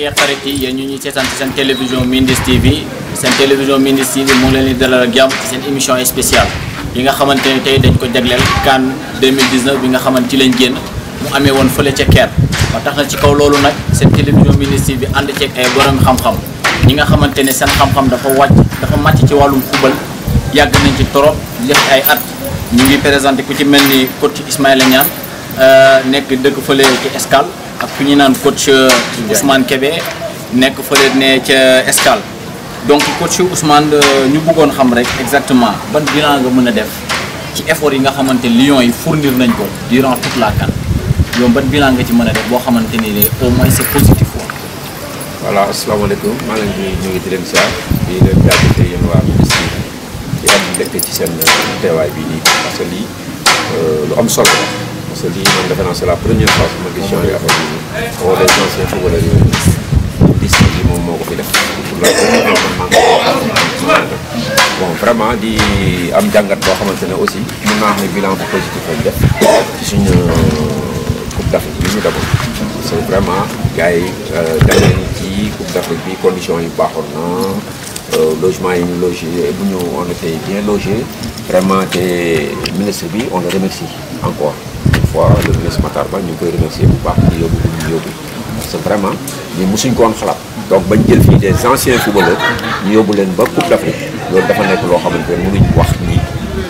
mbokk xarit yi yéen ñu ñuy seetaan ci seen télévision Mindiss TV seen télévision Mindiss TV mu ngi leen di dalal ak jàmm ci seen émission spéciale yi nga xamante ne tey dañ ko jagleel CAN bi nga xamante ci lañ génn mu amee woon fële ca Kër ba tax na ci kaw loolu nag seen télévision Mindiss TV ànd ceeg ay borom xam-xam ñi nga xamante ne seen xam-xam dafa wàcc dafa màcc ci wàllum fubal yàgg nañ ci trop def ay at ñu ngi présenté ku ci mel ni coach Ismaïla Niane euh, nekk dëkk fële ci Escale. ak ku ñu naan coach euh, Ousmane kebe nekk fële ne ca Escale donc coach Ousmane euh, ñu bëggoon xam rek exactement ban bilan nga mën a def ci effort yi nga xamante Lions yi fournir nañ ko durant toute la CAN yow ban bilan nga ci mën a def boo xamante ni de au moins c'est positif quoi. voilà asalaamaaleykum maa ngi leen di waa ministre yi di am mbégte ci seen teewaay bi nii lii euh, lu am solo parce que lii moom defe naa la première fois ma gis genre affaire bi wala les anciens footballeurs yooyu district bi moom moo ko fi def pour vraiment di am jàngat boo xamante ne aussi mun naa xam ne bilan bu positif lañ uh, def ci suñu coupe d'Afrique bi ñu demoon parce vraiment gars uh, yi ci coupe d'Afrique bi condition yi baaxoon na logement yi ñu logé bu ñu on était bien logé vraiment te ministre bi on le remercie encore fois le ministre Matar Ba ñu ngi koy remercier bu baax ci yóbbu bu ñu yóbbu parce vraiment ñu musuñ ko woon xalaat donc bañ jël fii des anciens footballeurs ñu yóbbu leen ba Coupe d'Afrique loolu dafa nekk loo xamante ne mënuñ wax nii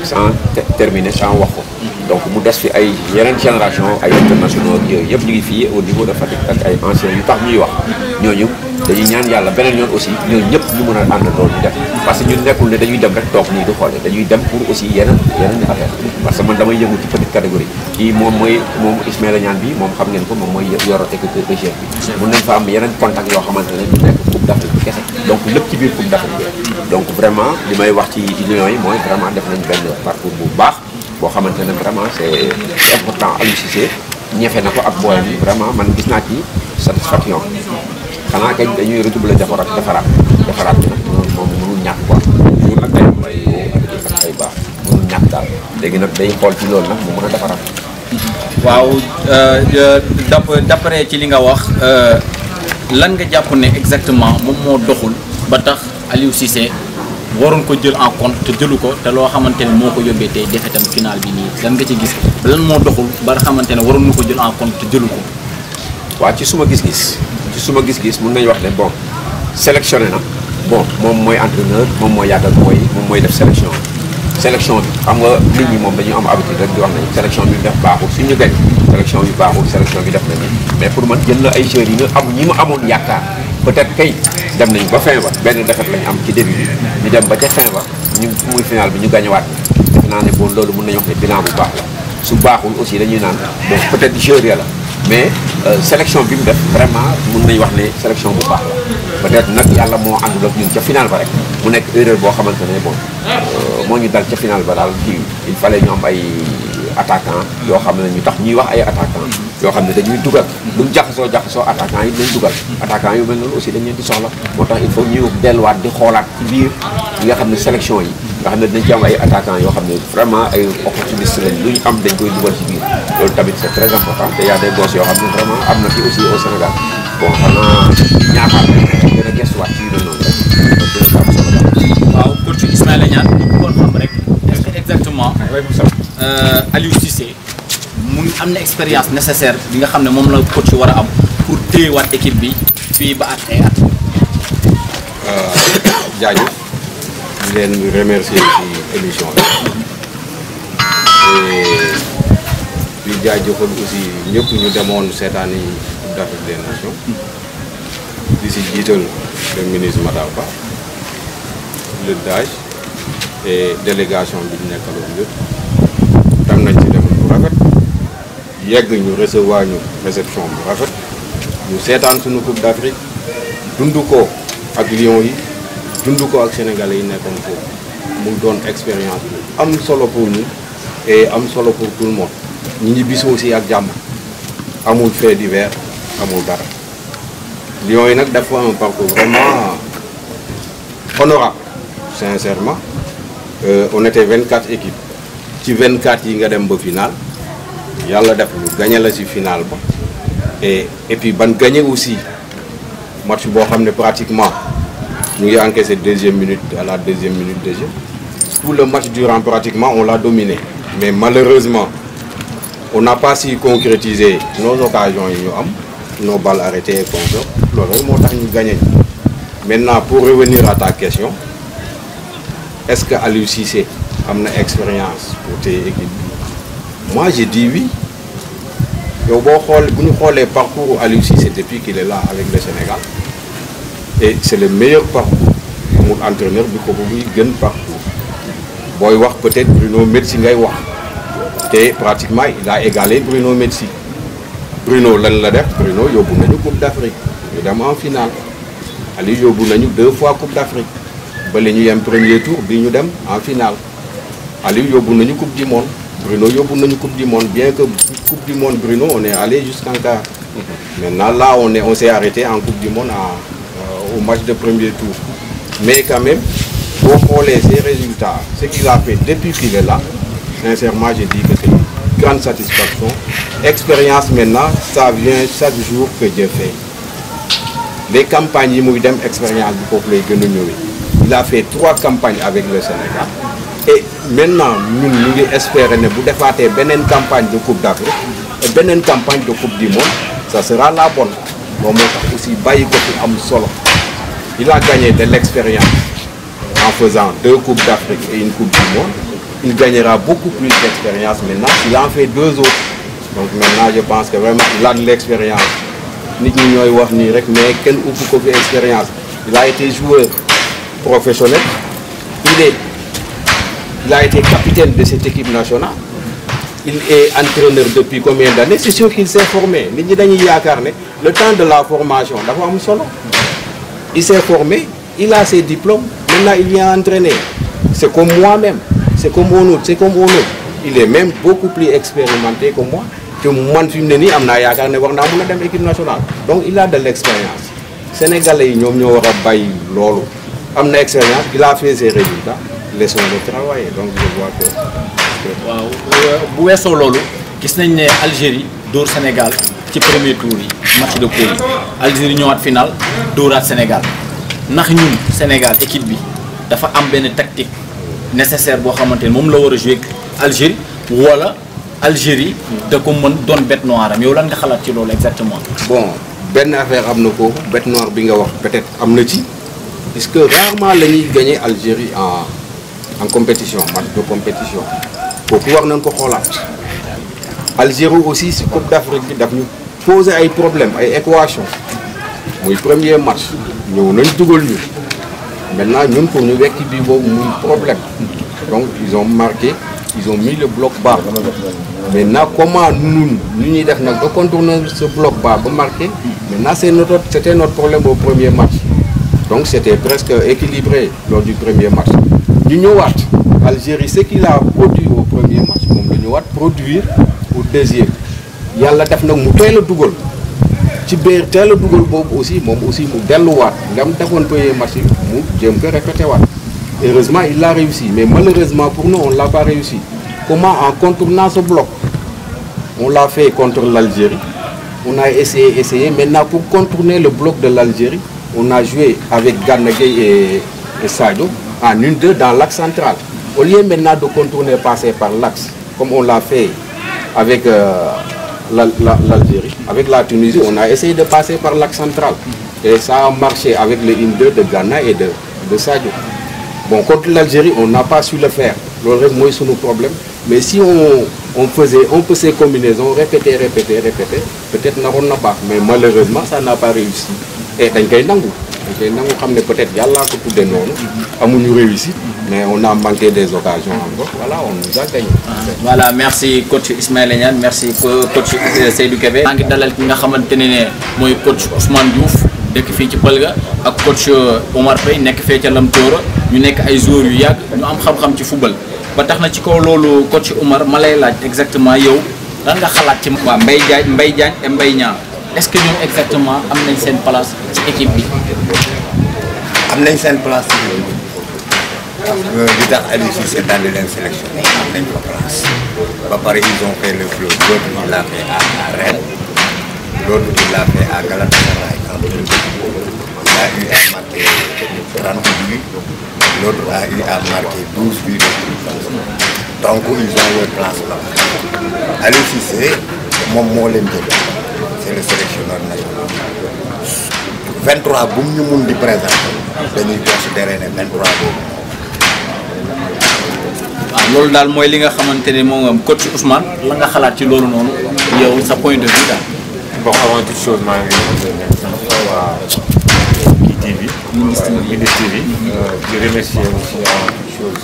sans terminer sans wax ko donc mu des fi ay yeneen génération ay internationaux ak yooyu yëpp ñu ngi fii au niveau de Fatick ak ay anciens yu tax ñuy wax ñooñu dañuy ñaan yàlla beneen yoon aussi ñooñu ñëpp ñu mën a ànd loolu ñu def parce que ñun nekkul ne dañuy dem rek toog nii du xoole dañuy dem pour aussi yeneen yeneen affaire parce que man damay yëngu ci petite catégorie kii moom mooy moom Ismaïla Niane bi moom xam ngeen ko moom mooy yoro équipe de chef bi mun nañ fa am yoo xamante ne du nekk Coupe d'Afrique bi kese donc lépp ci biir Coupe d'Afrique bi donc vraiment li may wax ci union yi mooy vraiment def nañ benn parcours bu baax boo xamante ne vraiment c'est important Aliou Cissé ñefe na ko ak booyam bi vraiment man gis naa ci satisfaction xanaa kañ dañuy redoubler defaraat defaraat defaraat bi nag léegi nag day xool ci loolu la mu mën a defaraat. waaw euh, euh, d'après ci li nga wax euh, lan nga jàpp ne exactement moom moo doxul ba tax Aliou Cissé waroon ko jël en compte te jëlu ko te loo xamante ne moo ko yóbbee tey defetam final bi nii lan nga ci gis lan moo doxul ba nga xamante ne waroon na ko jël en compte te jëlu ko. waaw ci suma gis-gis ci suma gis-gis mun nañu wax ne bon sélectionné na bon moom mooy entraîneur moom mooy yàggal mooy moom mooy def sélection. sélection bi xam nga nit ñi moom dañu am habitude rek di wax nañ sélection bi def baaxul suñu gañ sélection bi baaxul sélection bi def nañu mais pour man jël na ay joueurs yi nga am ñi ma amoon yaakaar peut-être kay dem nañ ba fin ba benn défaite lañ am ci début bi ñu dem ba ca fin ba ñu muy final bi ñu gañewaat def naa ne bon loolu mun nañu wax ne bilan bu baax la su baaxul aussi dañuy naan bon peut-être la mais euh, sélection bi mu def vraiment mun nañ wax ne sélection bu peut-être nag yàlla moo àndul ak ñun ca final ba rek mu nekk erreur boo xamante ne bon euh, moo ñu dal ca final ba daal kii il fallait ñu am ay attaquant yoo xam ne ñu tax ñuy wax ay attaquant yoo xam ne dañuy dugal lu mu jaxasoo jaxasoo yi dañ dugal attaquant yu mel noonu aussi moo tax il faut ñu di xoolaat ci biir yi nga yi nga xam dañ ci am ay attaquant yoo xam ne vraiment ay am koy dugal ci biir loolu tamit yoo xam ne vraiment am na fi aussi au Sénégal bon xanaa expérience nécessaire bi nga xam ne moom la coach war a am pour téyewaat équipe bi fii ba at ay at. Euh, jaajëf leen remercier ci émission bi di jaajëfal aussi ñëpp ñu demoon seetaan yi Coupe d'Afrique des si jiital le ministre Matar Ba le DAGE et délégation bi ñu nekkaloon tam nañ ci dem bu rafet. yegg ñu recevoir ñu réception bu rafet ñu seetaan suñu Coupe d'Afrique dundu ko ak Lions yi dund ko ak Sénégalais yi nekkoon foofu mu doon expérience bi am solo pour am solo pour tout le monde ñu ngi bis aussi ak jàmm amul fait divers amul dara Lions yi nag dafa un parcours vraiment honorable sincèrement euh, on était 24 équipes ci 24 nga dem ba finale yàlla def ñu gagné la ci finaal ba et et puis ban gañe aussi match boo xam ne pratiquement ñu ngi encaissé deuxième minute à la deuxième minute de jeu tout le match durant pratiquement on l'a dominé mais malheureusement on n'a pas su concrétiser nos occasions yi ñu am nos balles arrêtées et conso loolu moo tax ñu gagné maintenant pour revenir à ta question est-ce que Aliou Cissé am na expérience pour téye équipe moi j'ai dit oui yow boo xool bu ñu xoolee parcours Aliou Cissé depuis qu'il est là avec le Sénégal et c'est le meilleur parcours amul entraîneur bi ko muy gën parcours booy wax peut-être Bruno Metsu ngay wax te pratiquement il a égalé Bruno Metsu Bruno lan la def Bruno yóbbu nañu Coupe d'Afrique ñu dem en finale Aliou yóbbu nañu deux fois Coupe d'Afrique ba li ñu yem premier tour bi ñu dem en finale Aliou yóbbu nañu Coupe du monde Bruno yóbbu nañu coupe du monde bien que coupe du monde Bruno on est allé jusqu'en quart. maintenant la on s'est arrêté en coupe du monde à, euh, au match de premier tour mais quand même boo xoolee ses résultats ce qu'il a fait depuis qu'il est là je dis que c'est grande satisfaction expérience maintenant ça vient chaque jour que Dieu fait les campagnes yi muy dem expérience bi foofu lay gën a ñëwee il a fait campagnes avec le Sénégal et maintenant ñun ñu ngi espérer ne bu defaatee beneen campagne de coupe d'Afrique et beneen campagne de coupe du monde ça sera la bonne moom moo tax aussi bàyyi ko fi am solo il a gagné de l'expérience en faisant deux coupes d'Afrique et une coupe du monde il gagnera beaucoup plus d'expérience maintenant s'il en fait deux autres donc maintenant je pense que vraiment il a de l'expérience nit ñi ñooy wax nii rek mais kenn upp ko fi expérience il a été joueur professionnel Il a été capitaine de cette équipe nationale. Il est entraîneur depuis combien d'années C'est sûr qu'il s'est formé. Le temps de la formation, am solo. Il s'est formé, il a ses diplômes, maintenant il vient entraîner. C'est comme moi-même, c'est comme on autre, c'est comme on autre. Il est même beaucoup plus expérimenté que moi. Que moi, je suis venu à l'équipe nationale. Donc il a de l'expérience. Sénégalais, ils ont eu l'expérience, il a fait ses résultats. laissons le travail donc je vois waaw bu weesoo loolu gis nañ ne Algérie dóor Sénégal ci premier tour yi match de poule yi Algérie ñëwaat final dóoraat Sénégal ndax ñun Sénégal équipe bi dafa am benn tactique nécessaire boo xamante ne moom la war a joué Algérie wala Algérie da ko mën doon bête noire am yow lan nga xalaat ci loolu exactement. bon benn affaire am na ko bête noire bi nga wax peut-être am na ci. parce que rarement la ñuy Algérie en compétition match de compétition foofu war nañ ko xoolaat al Algérie aussi si Coupe d'Afrique bi daf ñu poser ay problème ay équation muy premier match ñëw nañ dugal ñu maintenant ñun pour ñu wekk bi boobu muy problème donc ils ont marqué ils ont mis le bloc bas na comment ñun ñu ñuy def nag ba contourner ce bloc bas ba marqué maintenant c'est notre c'était notre problème au premier match donc c'était presque équilibré lors du premier match ñu ñëwaat Algérie ce qu'il a produit au premier match moom la ñëwaat produire au deuxième yàlla def nag mu teel dugal ci biir teel a dugal boobu aussi moom aussi mu delluwaat ndam defoon premier match yi mu jéem ko répété waat heureusement il l'a réussi mais malheureusement pour nous on l'a pas réussi comment en contournant ce bloc on l'a fait contre l'Algérie on a essayé essayé maintenant pour contourner le bloc de l'Algérie on a joué avec Gana et, et en une deux dans l'axe central. Au lieu maintenant de contourner passer par l'axe, comme on l'a fait avec euh, l'Algérie, avec la Tunisie, on a essayé de passer par l'axe central. Et ça a marché avec le 1-2 de Ghana et de, de contre l'Algérie, on n'a pas su le faire. Le reste, moi, c'est nos problèmes. Mais si on, on faisait, on peut ces combinaisons, répéter, répéter, répéter, peut-être n'aurons pas. Mais malheureusement, ça n'a pas réussi. Et d'un te xam ne peut-être yàllaa ko tudde noonu. amuñu réussite. mais on a manqué des occasions encore voilà on nous a gagné. merci coach Ismaïla Niane merci coach euh, Seydou Kébé. maa ngi dalal ki nga xamante ne ne mooy coach Ousmane Diouf dëkk fii ci Pëlga ak coach euh, Omar Faye nekk fee ca Lamtooro ñu nekk ay joueurs yu yàgg ñu am xam-xam ci football ba tax na ci kaw loolu coach Omar malay laaj exactement yow lan nga xalaat ci. waaw Mbaye Diagne Mbaye Diagne et Mbaye Niang est-ce que ñoom exactement am nañ seen place ci équipe bi. am nañ seen place ci équipe bi parce euh, que li tax Aliou Cissé daal di leen am nañ fa place ba pare ils ont fait le flot l'autre il l'a fait à Rennes l'autre a eu a eu moom moo leen jël. et le sélectionneur national 23 bu loolu daal mooy li nga xamante ne moom coach Ousmane la nga xalaat ci loolu noonu yow sa point de vue daal. bon avant chose maa ngi ministre bi ministre bi di remercier aussi avant toute chose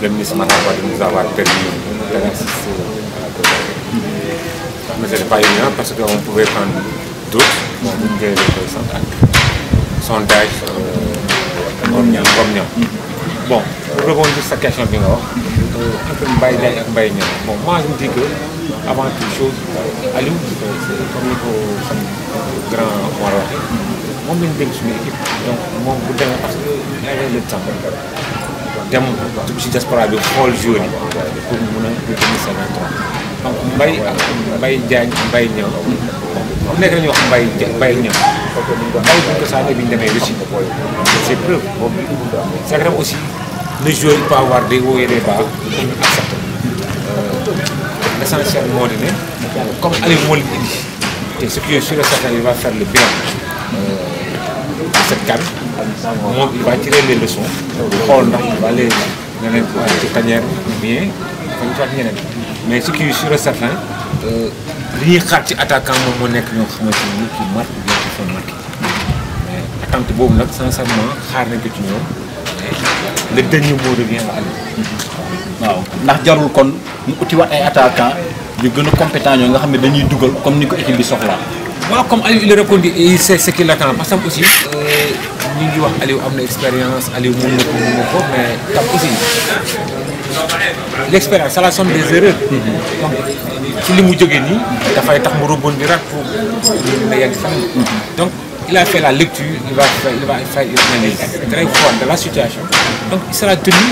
le ministre Matar Wade de nous avoir permis d'assister mais c'était pas évident parce qu'on pouvait prendre d'autres. Bon, vous pouvez le central. Sondage comme ñoom comme ñoom. bon pour rebondir sa question bi nga wax. entre Mbaye Ndiaye ak Mbaye Niang bon moi je me di que avant toute chose Aliou comme ko grand Mor waxee moom lañ dénk suñu équipe donc moom bu demee parce que il avait le dem dugg si diaspora bi xool joueur yi pour mun a gën a mbay ak mbay jaañ mbay ñëw bu nekk dañuy wax mbay mbay ñëw mbay buñ ko saanee bi ñu demee Russie c'est preuve c'est vrai aussi le joueur il peut avoir des hauts et des bas pour ñu accepter euh, l'essentiel moo di moo il va faire le euh, de cette CAN moom il va tirer les leçons xool ndax il va les ñeneen ci tanière bien faat ñeneen mais ce qui est sûr et certain euh, li ñuy xaar ci attaquant moom moo nekk ñoo xamante ni kii marque bi nga fa marqué mais attente boobu nag sincèrement xaar nañ ko ci ñoom le dernier mot revient à Aliou. waaw ndax jarul kon mu utiwaat ay attaquant yu gën a compétent ñoo nga xam ne dañuy dugal comme ni ko équipe bi soxlaa. waaw comme Aliou il a répondu il sait ce qu'il attend parce que aussi euh, ñu ngi wax Aliou am na expérience Aliou mën na ko mën na ko mais tam aussi. l'expérience c'est la somme des erreurs. donc ci li mu jógee nii. dafay tax mu rebondiraat pour mu yegg fan. donc il a fait la lecture il va il va faire une analyse très forte de la situation donc il sera tenu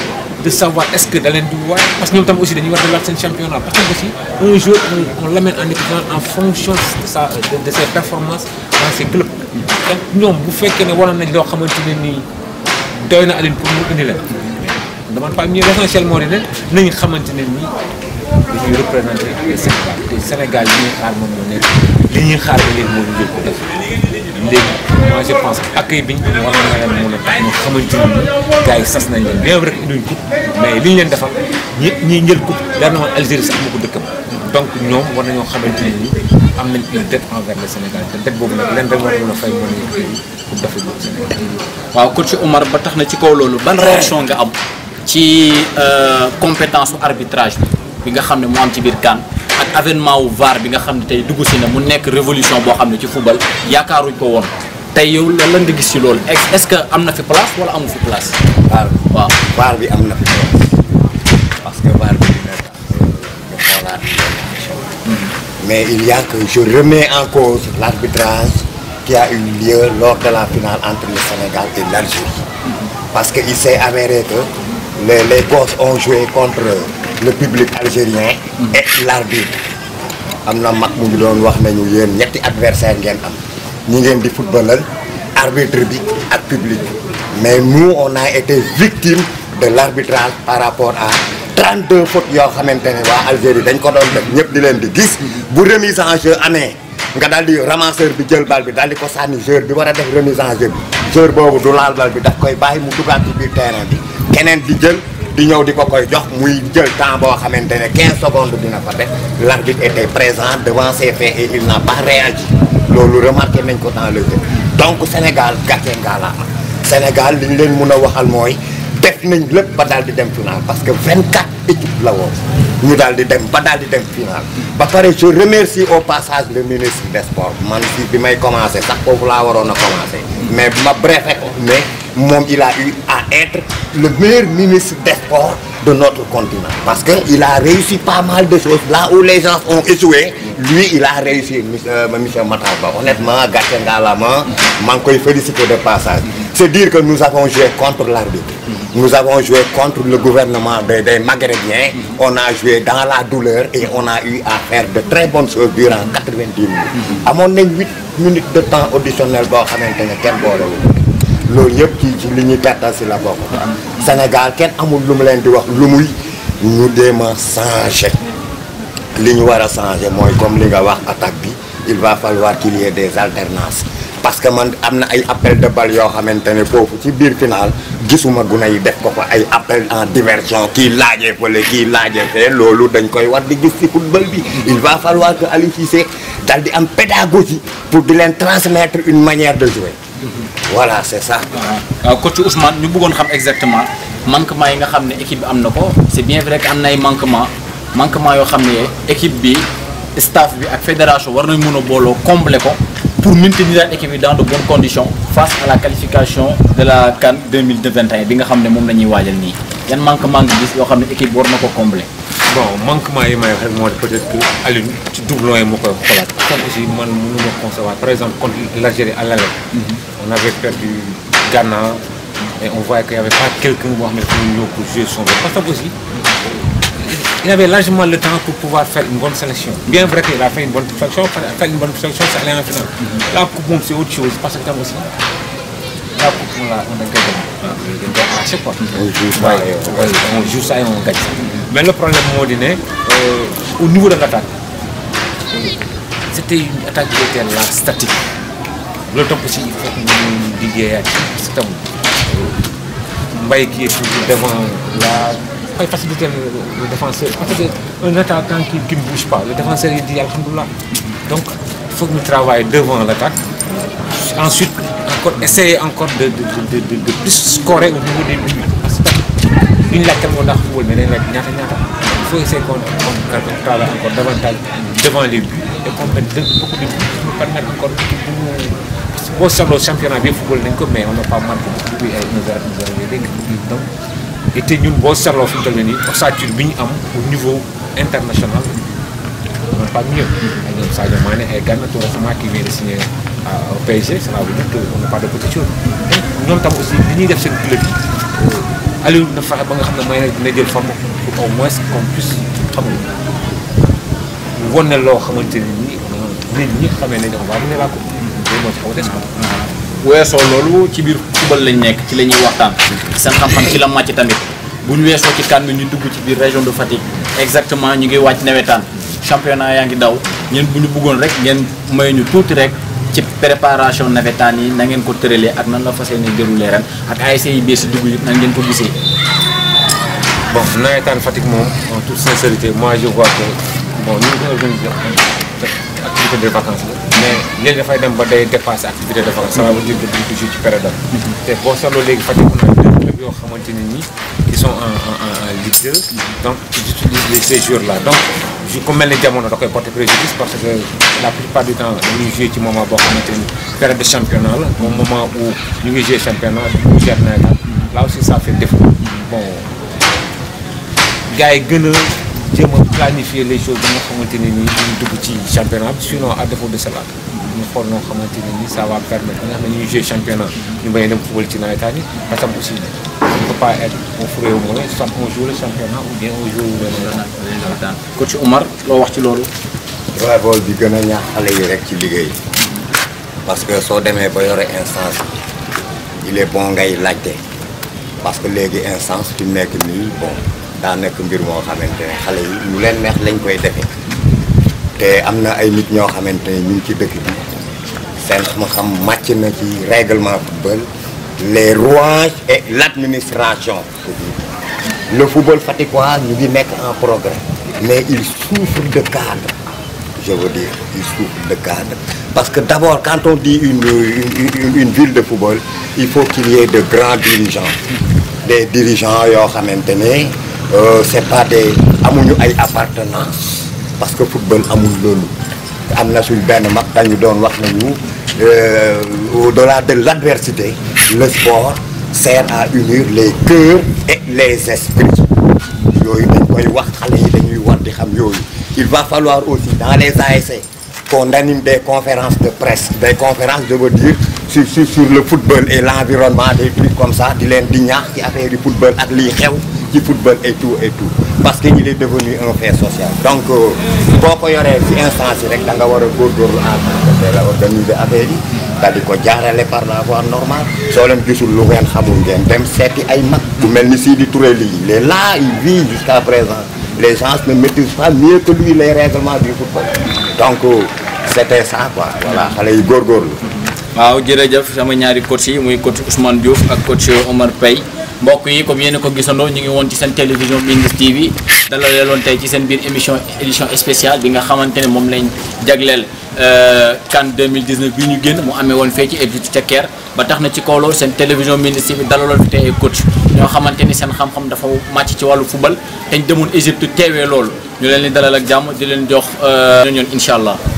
de savoir est-ce que da leen di waay parce que ñoom tam aussi dañuy war a delluwaat seen championnat parce que aussi un jour on l'amène en équipe en fonction de sa de ses performances dans ses clubs. donc ñoom bu fekkee ne waroon nañ loo xamante ne nii doy na Aline pour mu indi leen. dama ne pas ñun l'essentiel moo di xamante ne nii dañuy représenté le Sénégal te Sénégal li ñuy xaar moom moo nekk li ñuy xaar ba léegi moo ñu jël ko def pense bi ñu war na leen a yi sas nañ leen bien vrai que indiwuñ mais li ñu leen defar ñi ñiy njël coupe daan na woon Algérie sax amu ko dëkkam. donc ñoom war nañoo xamante ne am nañ une dette envers le Sénégal te dette boobu nag leen rek war mën a fay mën a yëkkati coupe d'Afrique boobu Sénégal. waaw coach Omar ba tax na ci kaw loolu ban réaction nga am. ci euh, compétence u arbitrage bi bi nga xam ne moo am ci biir CAN ak avènement wu VAR bi nga xam ne tey dugg si na mu nekk révolution boo xam ne ci football yaakaaruñ ko woon tey yow lan la nga gis ci loolu est-ce que am na fi place wala amu fi place. VAR waaw VAR bi am na fi place parce que VAR bi dina tax nga xoolaat hmm. mais il y a que je remets en cause l'arbitrage qui a eu lieu lors de la finale entre le Sénégal et l'Algérie hmm. parce que il s'est avéré que. les les gosses ont joué contre le public algérien. et l'arbitre am na mag mu ngi doon wax nañu yéen ñetti adversaire ngeen am ñi ngeen di footballal arbitre bi ak public bi mais nous on a été victime de l'arbitrage par rapport à 32 fautes yoo xamante ne waa Algérie dañ ko doon def ñëpp di leen di gis bu remise en jeu amee nga daal di ramasseur bi jël bal bi daal di ko sànni joueur bi war a def remise en jeu bi joueur boobu du laal bal bi daf koy bàyyi mu dugaat ci biir terrain bi keneen di jël di ñëw di ko koy jox muy jël temps boo xamante ne 15 secondes dina fa def l'arbitre était présent devant ses faits et il n'a pas loolu remarqué nañ ko dans le jeu donc Sénégal gàcce ngaa la Sénégal li leen mun a waxal mooy def nañ lépp ba daal di dem final parce que 24 équipes la woon ñu daal di dem ba daal di dem final ba pare je remercie au passage le ministre des sports man si bi may commencé sax foofu laa waroon a commencé mais ma bref rek moom il a eu à être le meilleur ministre des sports de notre continent. parce que il a réussi pas mal de choses là où les gens ont échoué. lui il a réussi euh, monsieur monsieur Matar Ba honnêtement gàcce ngalaama. maa ngi koy féliciter de passage. c'est dire que nous avons joué contre l'arbitre. nous avons joué contre le gouvernement des des Maghérébiens. on a joué dans la douleur et on a eu à faire de très bonnes choses durant quatre-vingt-dix minutes. amoon nañ huit minutes de temps additionnel boo xamante ne kenn boolewul. loolu yëpp ci ci li ñuy perte si la bokk. Sénégal kenn amul lu mu leen di wax lu muy ñu dem a changé li ñu war a changé mooy comme li nga wax attaque bi il va falloir qu'il y ait des alternances parce que man am na ay appel de balle yoo xamante ne foofu ci biir final gisuma guna yi def ko ko ay appel en diversion kii laajee kii laajee fee loolu dañ koy war di gis ci football bi il va falloir que Aliou dal di am pédagogie pour di leen transmettre une manière de jouer voilà c' est ça. waaw coach Ousmane ñu bëggoon xam exactement manquement yi nga xam ne équipe bi am na ko c' est bien vrai que am na ay manquement manquement yoo xam ne équipe bi staff bi ak fédération war nañ mën a booloo combler ko pour maintenir daal équipe bi dans de bonnes conditions face à la qualification de la CAN bi nga xam ne moom la waajal nii yan manquement nga yoo xam ne équipe bi war na ko combler. bon manquement yi may wax rek moo di peut-être que Alioune ci man exemple contre l'Algérie à l'aller mm-hmm. on avait perdu Ghana et on voyait qu'il y avait pas quelqu'un boo xam ne fu ñëw pour son rôle parce que aussi il avait largement le temps pour pouvoir faire une bonne sélection bien vrai qu'il a fait une bonne sélection faire une la sélection c'est aller en finale mm-hmm. la coupe moom c'est parce que tam aussi on a, on a gagné. à On joue ça on, ouais, Mais le problème, moo di au niveau de l'attaque, c'était une attaque qui était là, statique. Loolu tam aussi il faut que ñu liggéeyaat parce que tam Mbaye qui est toujours devant la dafay le défenseur parce que un attaquant qui qui ne bouge pas le défenseur il dit alhamdoulilah donc il faut que ñu travaille devant l'attaque ensuite kon essayer encore de de de de plus scorer au niveau des buts parce que duñ laajte moo ndax football mais dañ ñaata ñaata il faut essayer qu'on qu'on travaille encore davantage devant les buts et qu'on mette beaucoup de buts pour permettre encore bu ñu boo soxloo championnat bi football nañ ko mais on n'a pas marqué beaucoup de buts ay 1 donc et ñun boo seetloo fi mu toll nii ossature bi ñu am au niveau international on n'a pas mieux ay ñoom Gana sama kii vient de signer au ah, PSG ça veut dire qu'on n'a pas de li ñuy def seen club yi Aliou na fexe ba nga xam ne mooy dina jël forme pour au moins qu'on puisse xam nga wane loo xamante ne nii nit ñi xamee nañ ko waaw dina laa ko loolu moo loolu ci biir football lañ nekk ci la ñuy waxtaan. seen xam-xam la màcc tamit. bu ñu weesoo ci kan bi ñu dugg ci biir région de Fatick. exactement ñu ngi wàcc nawetaan. championnat yaa ngi daw ñeen bu ñu bëggoon rek ngeen may ñu tuuti rek. ci préparation navétane yi na ngeen ko tëralee ak nan la fas yéene déroulé ren ak ASC yi bees dugg yi nan ngeen ko gisee. bon navétane Fatick moom en toute sincérité moi je vois que bon ñu ngi koy organisé activité de vacances la. mais léegi dafay dem ba day dépassé activité de vacances. ça veut dire que duñ ci période am. Mm-hmm. te boo seetloo léegi Fatick startups yoo xamante ne nii qui sont un un un un leader donc ils utilisent ces jours là donc ju ku mel ni jamono da koy porter préjudice parce que la plupart du temps dañuy joué ci moment boo xamante ni période de championnat la au moment où ñu ngi joué championnat du championnat là aussi ça fait défaut bon gars yi gën a a planifier les choses ba nga xamante ne nii duñ dugg ci championnat bi sinon à défaut de cela. ñu xool noo xamante ne nii ça va permettre nga xam ne ñuy championnat ñu bañ a dem football ci nawetaan yi parce que aussi on ne peut pas être au fur et au moins soit on joue le championnat ou bien on joue le ci loolu. bravo bi gën a ñaax xale yi rek ci liggéey parce que soo demee ba yore instance il bon ngay laajte parce que léegi instance fi nekk nii bon daa nekk mbir moo xamante ne xale yi mu leen neex lañ koy defe te am na ay nit ñoo xamante ne ñu ngi ci dëkk bi seen xam-xam màcc na ci règlement football les rouages et l' le football fatickois ñu gi nekk en progrès mais il souffre de cadre je veux dire il souffre de cadre parce que d' abord quand on dit une ville de football il faut qu'il y ait de grands dirigeants des dirigeants yoo xamante ne euh, c' est pas des amuñu ay appartenance parce que football amul loolu am na suñ benn mag dañu doon wax nañu euh, au-delà de l'adversité, le sport sert à unir les cœurs et les esprits yooyu dañ koy wax xale yi dañuy war di xam yooyu il va falloir aussi dans les ASC qu'on anime des conférences de presse des conférences je veux dire sur sur, le football et l'environnement des trucs comme ça di leen di ñaax affaire yi football ak liy xew ci football et tout parce que il est devenu un fait social donc euh, boo ko yoree ci instance yi rek da nga war a góorgóorlu en tant que teel a organiser ko jaarale par la voie normale soo leen gisul lu ngeen xamul ngeen dem seeti ay mag bu mel ni Sidi Touré lii il est là il vit jusqu'à présent les gens ne maîtrisent pas mieux que lui les règlements du football donc euh, c'était ça quoi voilà xale yi góorgóorlu waaw jël jërëjëf sama ñaari coach yi muy coach Ousmane Diouf ak coach Omar Paye mbokk yi comme yéen ko gisandoo ñu ngi woon ci seen télévision Mindiss TV dala leeloon tey ci seen biir émission édition spéciale bi nga xamante ne moom lañ jagleel euh, CAN 2019 bi ñu génn mu amee woon fee ci Égypte ca Caire ba tax na ci kaw loolu seen télévision Mindiss TV dalaloon fi tey ay ñoo xamante ni seen xam-xam dafa màcc ci wàllu football te ñu demoon Égypte teewee loolu ñu leen dalal ak jàmm di leen jox euh, ñoon incha allah